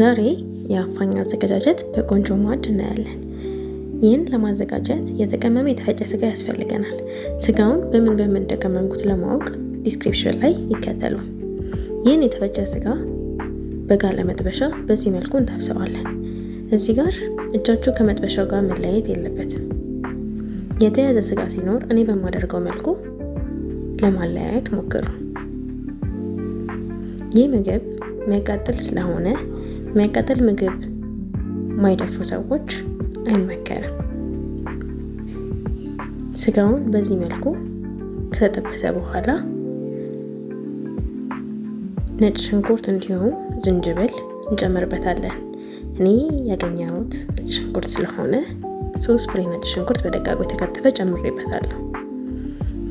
ዛሬ የአፋኝ አዘገጃጀት በቆንጆ ማድ እናያለን። ይህን ለማዘጋጀት የተቀመመ የተፈጨ ስጋ ያስፈልገናል። ስጋውን በምን በምን እንደቀመምኩት ለማወቅ ዲስክሪፕሽን ላይ ይከተሉ። ይህን የተፈጨ ስጋ በጋለ መጥበሻ በዚህ መልኩ እንታብሰዋለን። እዚህ ጋር እጃችሁ ከመጥበሻው ጋር መለያየት የለበትም። የተያዘ ስጋ ሲኖር እኔ በማደርገው መልኩ ለማለያየት ሞክሩ። ይህ ምግብ መቀጠል ስለሆነ የሚያቃጥል ምግብ ማይደፉ ሰዎች አይመከርም። ስጋውን በዚህ መልኩ ከተጠበሰ በኋላ ነጭ ሽንኩርት እንዲሁም ዝንጅብል እንጨምርበታለን። እኔ ያገኘሁት ነጭ ሽንኩርት ስለሆነ ሶስት ፍሬ ነጭ ሽንኩርት በደቃቁ የተከተፈ ጨምሬበታለሁ።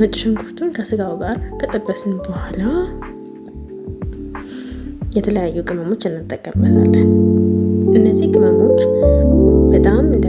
ነጭ ሽንኩርቱን ከስጋው ጋር ከጠበስን በኋላ የተለያዩ ቅመሞች እንጠቀምበታለን። እነዚህ ቅመሞች በጣም እንደ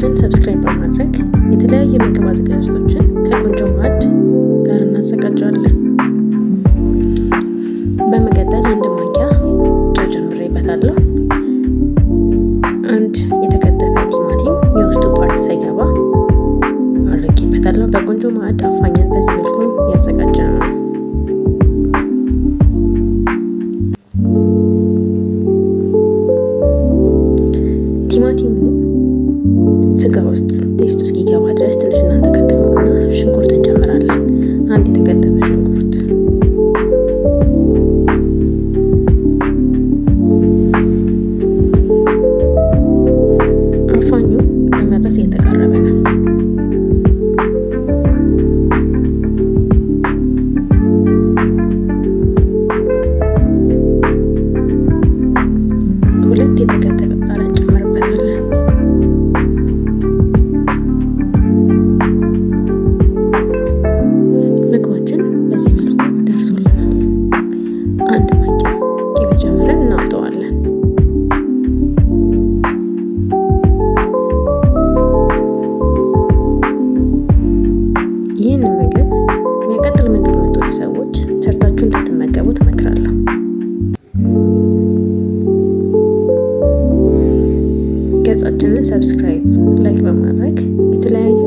ቻናላችን ሰብስክራይብ በማድረግ የተለያዩ ምግብ አዘጋጅቶችን ከቆንጆ ማዕድ ጋር እናዘጋጀዋለን። በመቀጠል አንድ ማንኪያ ጨው ጨምሬበታለሁ። አንድ የተከተፈ ቲማቲም የውስጡ ፓርት ሳይገባ አድርጌበታለሁ። በቆንጆ ማዕድ አፋኝን በዚህ መልኩ ያዘጋጀ ስጋ ውስጥ ቴስቱ እስኪገባ ድረስ ትንሽ እናንተ ከድገውና ሽንኩርት እንጨምራለን። አንድ የተከተፈ ሽንኩርት አፋኙ ለመድረስ ቻናላችንን ሰብስክራይብ፣ ላይክ በማድረግ የተለያዩ